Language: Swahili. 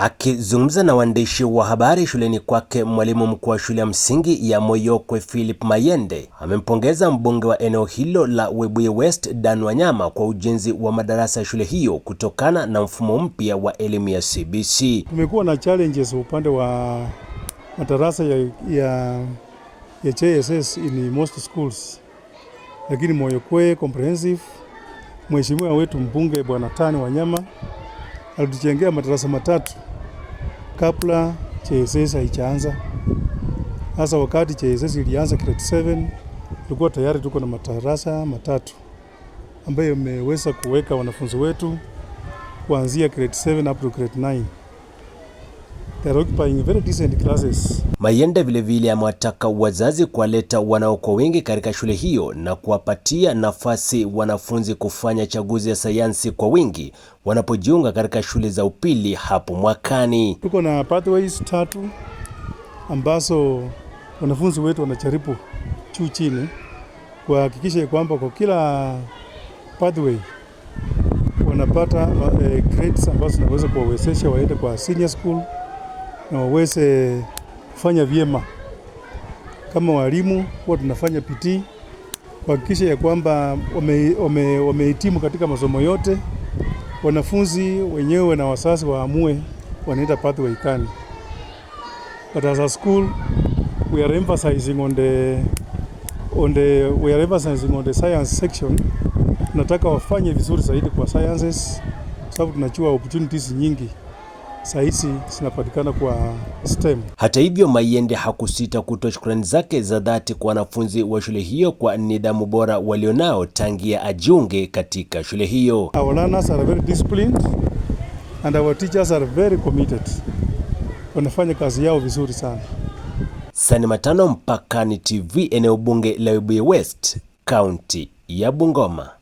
Akizungumza na waandishi wa habari shuleni kwake, mwalimu mkuu wa shule ya msingi ya Moyokwe Philip Mayende amempongeza mbunge wa eneo hilo la Webuye West Dan Wanyama kwa ujenzi wa madarasa ya shule hiyo kutokana na mfumo mpya wa elimu ya CBC. Tumekuwa na challenges upande wa madarasa ya, ya, ya JSS in most schools, lakini Moyokwe comprehensive, mheshimiwa wetu mbunge bwana Tani Wanyama alitujengea madarasa matatu kabla JSS haijaanza. Hasa wakati JSS ilianza grade 7 tulikuwa tayari tuko na matarasa matatu ambayo imeweza kuweka wanafunzi wetu kuanzia grade 7 up to grade 9. Mayende Mayenda vilevile amewataka wazazi kuwaleta wanao kwa wengi katika shule hiyo na kuwapatia nafasi wanafunzi kufanya chaguzi ya sayansi kwa wingi wanapojiunga katika shule za upili hapo mwakani. Tuko na pathways tatu ambazo wanafunzi wetu wanajaribu juu chini kuhakikisha kwamba kwa kila pathway wanapata eh, grades ambazo zinaweza kuwawezesha waende kwa senior school na waweze kufanya vyema. Kama walimu huwa tunafanya pitii kuhakikisha ya kwamba wamehitimu wame, wame katika masomo yote. Wanafunzi wenyewe na wasasi waamue wanaenda pathway gani. But as a school we are emphasizing on the, on the, we are emphasizing on the science section. Tunataka wafanye vizuri zaidi kwa sciences, sababu tunachua opportunities nyingi sahizi zinapatikana kwa STEM. Hata hivyo, Mayende hakusita kutoa shukrani zake za dhati kwa wanafunzi wa shule hiyo kwa nidhamu bora walionao tangia ajiunge katika shule hiyo. Our learners are very disciplined and our teachers are very committed. Wanafanya kazi yao vizuri sana. Sani Matano, Mpakani TV, eneo bunge la Webuye West, kaunti ya Bungoma.